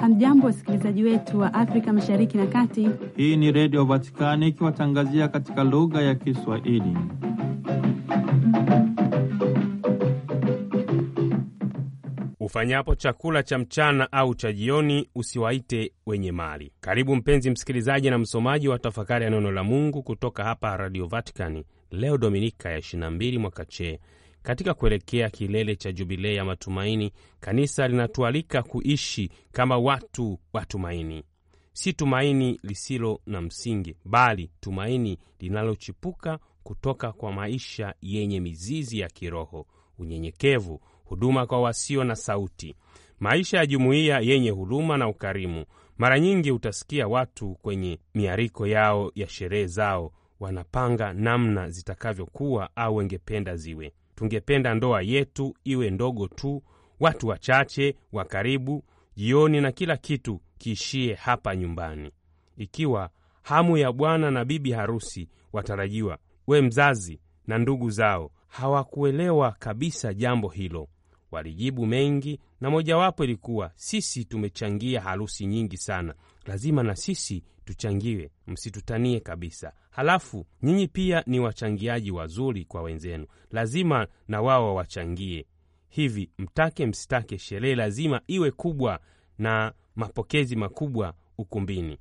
Hamjambo, wasikilizaji wetu wa Afrika mashariki na kati. Hii ni Redio Vatikani ikiwatangazia katika lugha ya Kiswahili. Ufanyapo chakula cha mchana au cha jioni usiwaite wenye mali. Karibu mpenzi msikilizaji na msomaji wa tafakari ya neno la Mungu kutoka hapa Radio Vatikani leo Dominika ya 22 mwaka katika kuelekea kilele cha Jubilei ya matumaini, kanisa linatualika kuishi kama watu wa tumaini, si tumaini lisilo na msingi, bali tumaini linalochipuka kutoka kwa maisha yenye mizizi ya kiroho, unyenyekevu, huduma kwa wasio na sauti, maisha ya jumuiya yenye huruma na ukarimu. Mara nyingi utasikia watu kwenye miariko yao ya sherehe zao wanapanga namna zitakavyokuwa au wengependa ziwe. Tungependa ndoa yetu iwe ndogo tu, watu wachache wa karibu, jioni, na kila kitu kiishie hapa nyumbani. Ikiwa hamu ya bwana na bibi harusi watarajiwa, we mzazi na ndugu zao hawakuelewa kabisa jambo hilo, Walijibu mengi, na mojawapo ilikuwa sisi tumechangia harusi nyingi sana, lazima na sisi tuchangiwe, msitutanie kabisa. Halafu nyinyi pia ni wachangiaji wazuri kwa wenzenu, lazima na wao wawachangie. Hivi mtake msitake, sherehe lazima iwe kubwa na mapokezi makubwa ukumbini.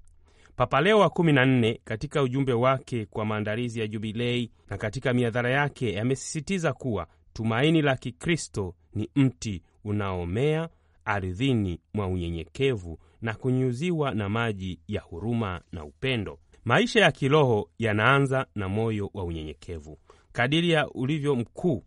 Papa Leo wa 14 katika ujumbe wake kwa maandalizi ya Jubilei na katika miadhara yake amesisitiza kuwa tumaini la Kikristo ni mti unaomea ardhini mwa unyenyekevu na kunyuziwa na maji ya huruma na upendo. Maisha ya kiroho yanaanza na moyo wa unyenyekevu. Kadiri ya ulivyo mkuu,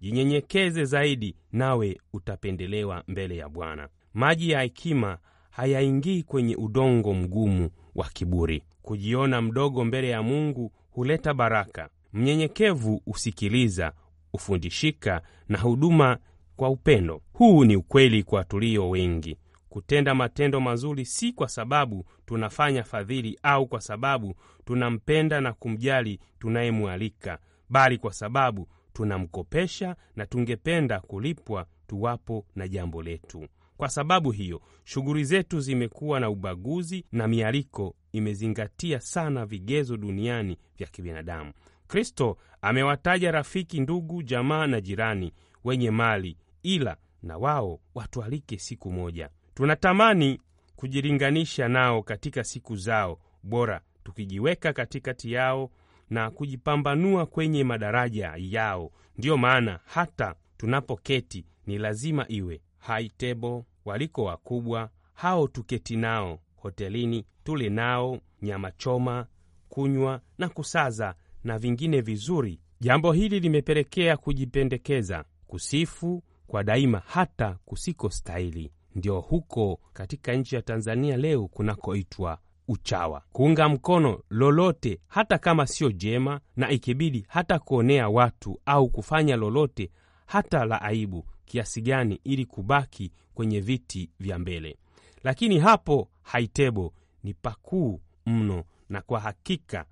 jinyenyekeze zaidi, nawe utapendelewa mbele ya Bwana. Maji ya hekima hayaingii kwenye udongo mgumu wa kiburi. Kujiona mdogo mbele ya Mungu huleta baraka. Mnyenyekevu husikiliza, hufundishika na huduma kwa upendo. Huu ni ukweli kwa tulio wengi. Kutenda matendo mazuri si kwa sababu tunafanya fadhili au kwa sababu tunampenda na kumjali tunayemwalika, bali kwa sababu tunamkopesha na tungependa kulipwa tuwapo na jambo letu. Kwa sababu hiyo, shughuli zetu zimekuwa na ubaguzi na mialiko imezingatia sana vigezo duniani vya kibinadamu. Kristo amewataja rafiki, ndugu, jamaa na jirani wenye mali ila na wao watualike siku moja. Tunatamani kujilinganisha nao katika siku zao bora, tukijiweka katikati yao na kujipambanua kwenye madaraja yao. Ndiyo maana hata tunapoketi ni lazima iwe high table, waliko wakubwa hao tuketi nao hotelini, tule nao nyama choma, kunywa na kusaza na vingine vizuri. Jambo hili limepelekea kujipendekeza, kusifu kwa daima hata kusiko stahili Ndio huko katika nchi ya Tanzania leo kunakoitwa uchawa, kuunga mkono lolote hata kama sio jema, na ikibidi hata kuonea watu au kufanya lolote hata la aibu kiasi gani, ili kubaki kwenye viti vya mbele. Lakini hapo Haitebo ni pakuu mno, na kwa hakika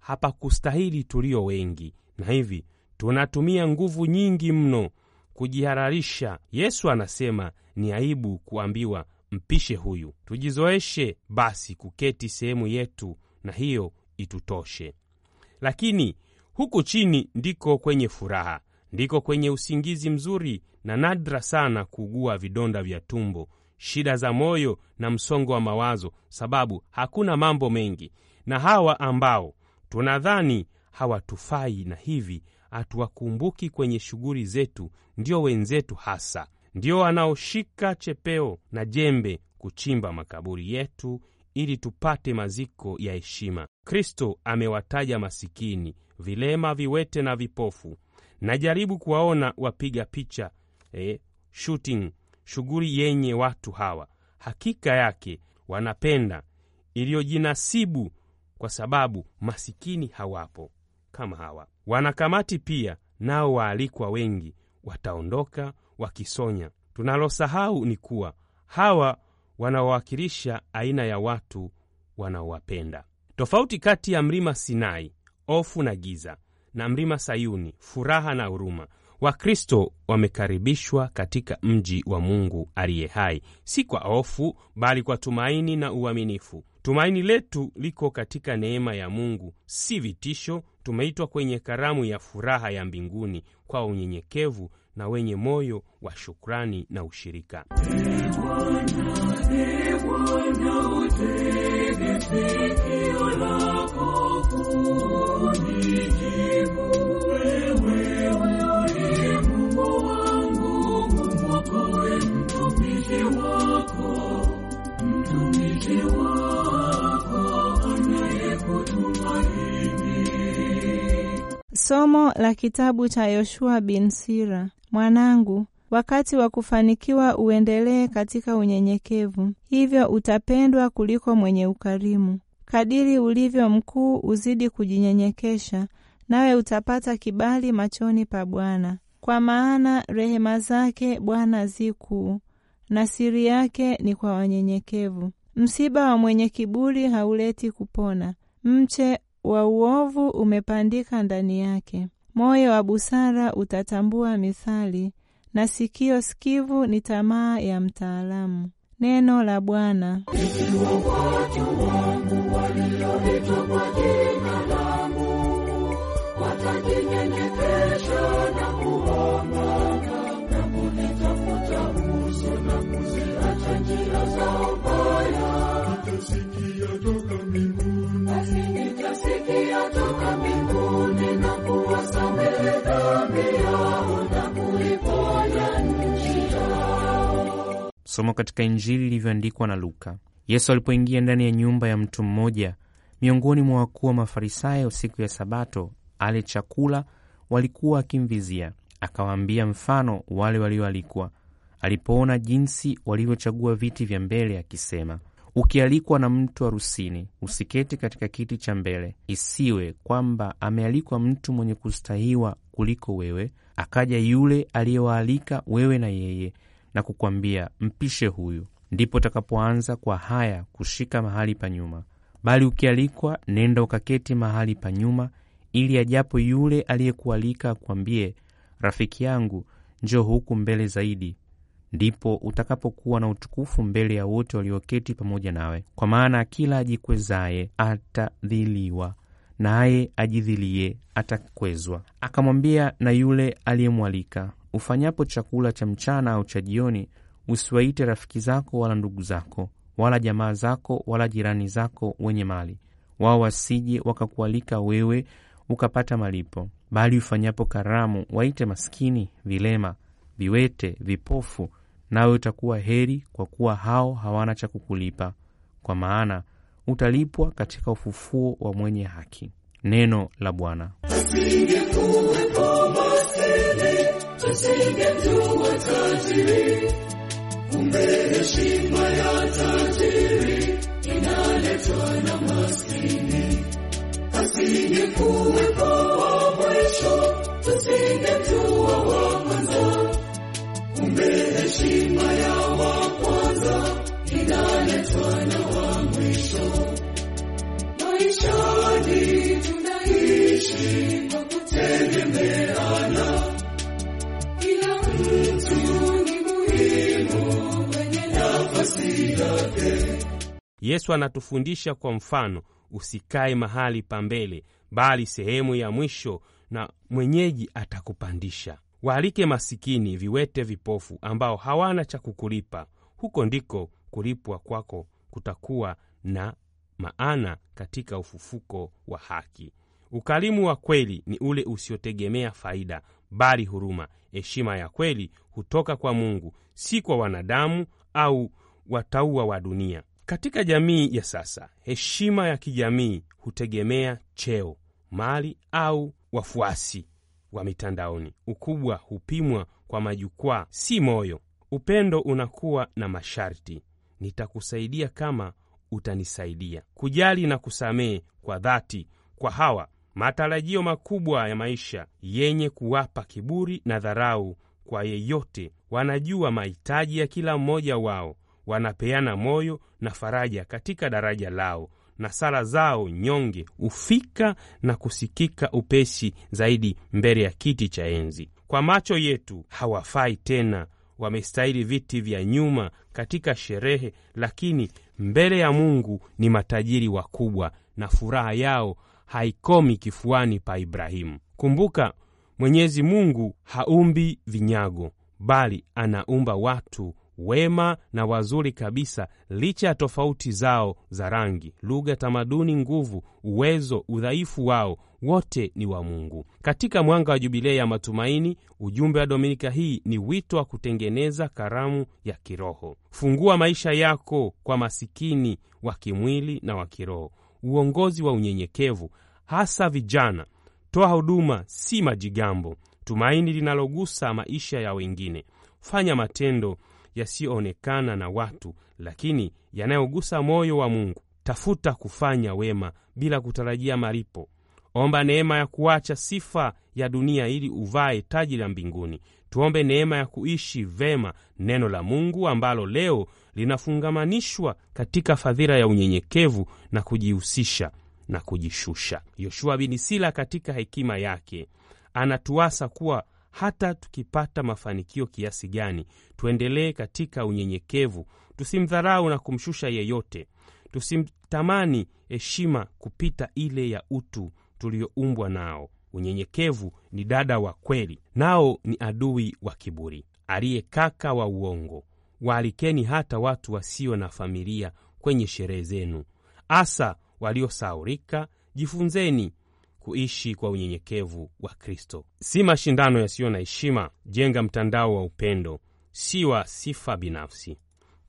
hapakustahili tulio wengi, na hivi tunatumia nguvu nyingi mno kujihararisha. Yesu anasema ni aibu kuambiwa mpishe huyu. Tujizoeshe basi kuketi sehemu yetu, na hiyo itutoshe. Lakini huku chini ndiko kwenye furaha, ndiko kwenye usingizi mzuri, na nadra sana kuugua vidonda vya tumbo, shida za moyo na msongo wa mawazo, sababu hakuna mambo mengi. Na hawa ambao tunadhani hawatufai na hivi hatuwakumbuki kwenye shughuli zetu, ndio wenzetu hasa, ndio wanaoshika chepeo na jembe kuchimba makaburi yetu ili tupate maziko ya heshima. Kristo amewataja masikini, vilema, viwete na vipofu. Najaribu kuwaona wapiga picha eh, shooting, shughuli yenye watu hawa, hakika yake wanapenda iliyojinasibu, kwa sababu masikini hawapo kama hawa. Wanakamati pia nao waalikwa wengi wataondoka wakisonya. Tunalosahau ni kuwa hawa wanawawakilisha aina ya watu wanaowapenda. Tofauti kati ya mlima Sinai, ofu na giza, na mlima Sayuni, furaha na huruma, Wakristo wamekaribishwa katika mji wa Mungu aliye hai, si kwa ofu bali kwa tumaini na uaminifu. Tumaini letu liko katika neema ya Mungu, si vitisho. Tumeitwa kwenye karamu ya furaha ya mbinguni kwa unyenyekevu na wenye moyo wa shukrani na ushirika. Ewe wangu Somo la kitabu cha Yoshua bin Sira. Mwanangu, wakati wa kufanikiwa uendelee katika unyenyekevu, hivyo utapendwa kuliko mwenye ukarimu. Kadiri ulivyo mkuu, uzidi kujinyenyekesha, nawe utapata kibali machoni pa Bwana, kwa maana rehema zake Bwana zi kuu, na siri yake ni kwa wanyenyekevu. Msiba wa mwenye kiburi hauleti kupona, mche wa uovu umepandika ndani yake. Moyo wa busara utatambua mithali, na sikio sikivu ni tamaa ya mtaalamu. Neno la Bwana. Somo katika Injili ilivyoandikwa na Luka. Yesu alipoingia ndani ya nyumba ya mtu mmoja miongoni mwa wakuu wa Mafarisayo siku ya Sabato ale chakula, walikuwa akimvizia. Akawaambia mfano wale walioalikwa, alipoona jinsi walivyochagua viti vya mbele, akisema Ukialikwa na mtu harusini, usiketi katika kiti cha mbele, isiwe kwamba amealikwa mtu mwenye kustahiwa kuliko wewe, akaja yule aliyewaalika wewe na yeye na kukwambia mpishe huyu, ndipo utakapoanza kwa haya kushika mahali pa nyuma. Bali ukialikwa, nenda ukaketi mahali pa nyuma, ili ajapo yule aliyekualika akwambie, rafiki yangu, njoo huku mbele zaidi, ndipo utakapokuwa na utukufu mbele ya wote walioketi pamoja nawe. Kwa maana kila ajikwezaye atadhiliwa, naye ajidhilie atakwezwa. Akamwambia na yule aliyemwalika, ufanyapo chakula cha mchana au cha jioni, usiwaite rafiki zako wala ndugu zako wala jamaa zako wala jirani zako wenye mali, wao wasije wakakualika wewe ukapata malipo. Bali ufanyapo karamu, waite maskini, vilema, viwete, vipofu nawe utakuwa heri, kwa kuwa hao hawana cha kukulipa, kwa maana utalipwa katika ufufuo wa mwenye haki. Neno la Bwana. Kumbe heshima ya Yesu anatufundisha kwa mfano, usikae mahali pa mbele, bali sehemu ya mwisho, na mwenyeji atakupandisha. Waalike masikini, viwete, vipofu, ambao hawana cha kukulipa. Huko ndiko kulipwa kwako kutakuwa na maana katika ufufuko wa haki. Ukarimu wa kweli ni ule usiotegemea faida, bali huruma. Heshima ya kweli hutoka kwa Mungu, si kwa wanadamu au watauwa wa dunia. Katika jamii ya sasa, heshima ya kijamii hutegemea cheo, mali au wafuasi wa mitandaoni. Ukubwa hupimwa kwa majukwaa, si moyo. Upendo unakuwa na masharti: nitakusaidia kama utanisaidia. Kujali na kusamehe kwa dhati. Kwa hawa, matarajio makubwa ya maisha yenye kuwapa kiburi na dharau kwa yeyote. Wanajua mahitaji ya kila mmoja wao wanapeana moyo na faraja katika daraja lao, na sala zao nyonge hufika na kusikika upesi zaidi mbele ya kiti cha enzi. Kwa macho yetu hawafai tena, wamestahili viti vya nyuma katika sherehe, lakini mbele ya Mungu ni matajiri wakubwa, na furaha yao haikomi kifuani pa Ibrahimu. Kumbuka, Mwenyezi Mungu haumbi vinyago, bali anaumba watu wema na wazuri kabisa, licha ya tofauti zao za rangi, lugha, tamaduni, nguvu, uwezo, udhaifu wao, wote ni wa Mungu. Katika mwanga wa Jubilei ya matumaini, ujumbe wa Dominika hii ni wito wa kutengeneza karamu ya kiroho. Fungua maisha yako kwa masikini wa kimwili na wa kiroho, uongozi wa unyenyekevu, hasa vijana. Toa huduma, si majigambo. Tumaini linalogusa maisha ya wengine. Fanya matendo yasiyoonekana na watu, lakini yanayogusa moyo wa Mungu. Tafuta kufanya wema bila kutarajia malipo. Omba neema ya kuacha sifa ya dunia ili uvae taji la mbinguni. Tuombe neema ya kuishi vema neno la Mungu ambalo leo linafungamanishwa katika fadhila ya unyenyekevu na kujihusisha na kujishusha. Yoshua bin Sila katika hekima yake anatuasa kuwa hata tukipata mafanikio kiasi gani, tuendelee katika unyenyekevu, tusimdharau na kumshusha yeyote, tusimtamani heshima kupita ile ya utu tulioumbwa nao. Unyenyekevu ni dada wa kweli, nao ni adui wa kiburi, aliye kaka wa uongo. Waalikeni hata watu wasio na familia kwenye sherehe zenu, hasa waliosaurika. Jifunzeni kuishi kwa unyenyekevu wa Kristo, si mashindano yasiyo na heshima. Jenga mtandao wa upendo, si wa sifa binafsi.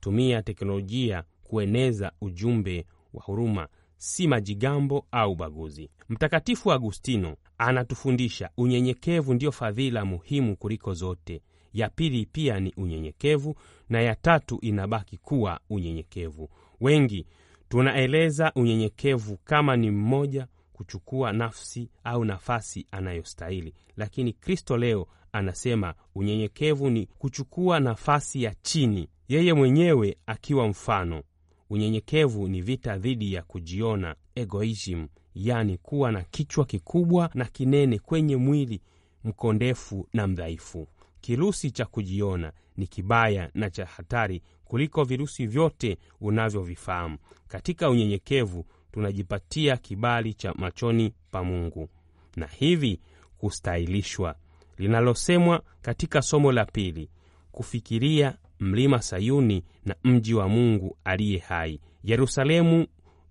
Tumia teknolojia kueneza ujumbe wa huruma, si majigambo au ubaguzi. Mtakatifu Agustino anatufundisha unyenyekevu ndiyo fadhila muhimu kuliko zote. Ya pili pia ni unyenyekevu, na ya tatu inabaki kuwa unyenyekevu. Wengi tunaeleza unyenyekevu kama ni mmoja kuchukua nafsi au nafasi anayostahili. Lakini Kristo leo anasema unyenyekevu ni kuchukua nafasi ya chini, yeye mwenyewe akiwa mfano. Unyenyekevu ni vita dhidi ya kujiona, egoism, yani kuwa na kichwa kikubwa na kinene kwenye mwili mkondefu na mdhaifu. Kirusi cha kujiona ni kibaya na cha hatari kuliko virusi vyote unavyovifahamu. Katika unyenyekevu tunajipatia kibali cha machoni pa Mungu na hivi kustahilishwa, linalosemwa katika somo la pili, kufikiria mlima Sayuni na mji wa Mungu aliye hai, Yerusalemu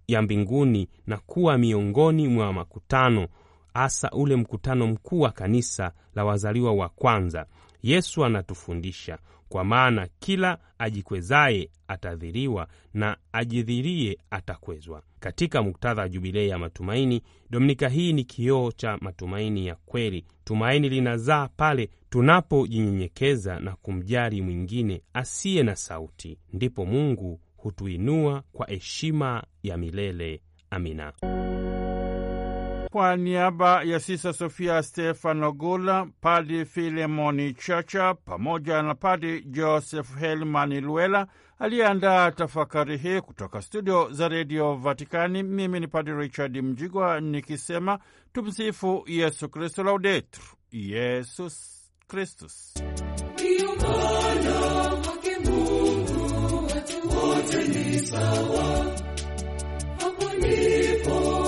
ya mbinguni, na kuwa miongoni mwa makutano, hasa ule mkutano mkuu wa kanisa la wazaliwa wa kwanza. Yesu anatufundisha kwa maana kila ajikwezaye atadhiriwa na ajidhirie atakwezwa. Katika muktadha wa Jubilei ya matumaini, dominika hii ni kioo cha matumaini ya kweli. Tumaini linazaa pale tunapojinyenyekeza na kumjali mwingine asiye na sauti, ndipo Mungu hutuinua kwa heshima ya milele. Amina kwa niaba ya Sisa Sofia Stefano Gula, Padi Filemoni Chacha pamoja na Padi Joseph Helman Luela aliyeandaa tafakari hii kutoka studio za redio Vatikani. Mimi ni Padi Richard Mjigwa nikisema tumsifu Yesu Kristu, laudetur Yesus Kristus. sawa, hapo ndipo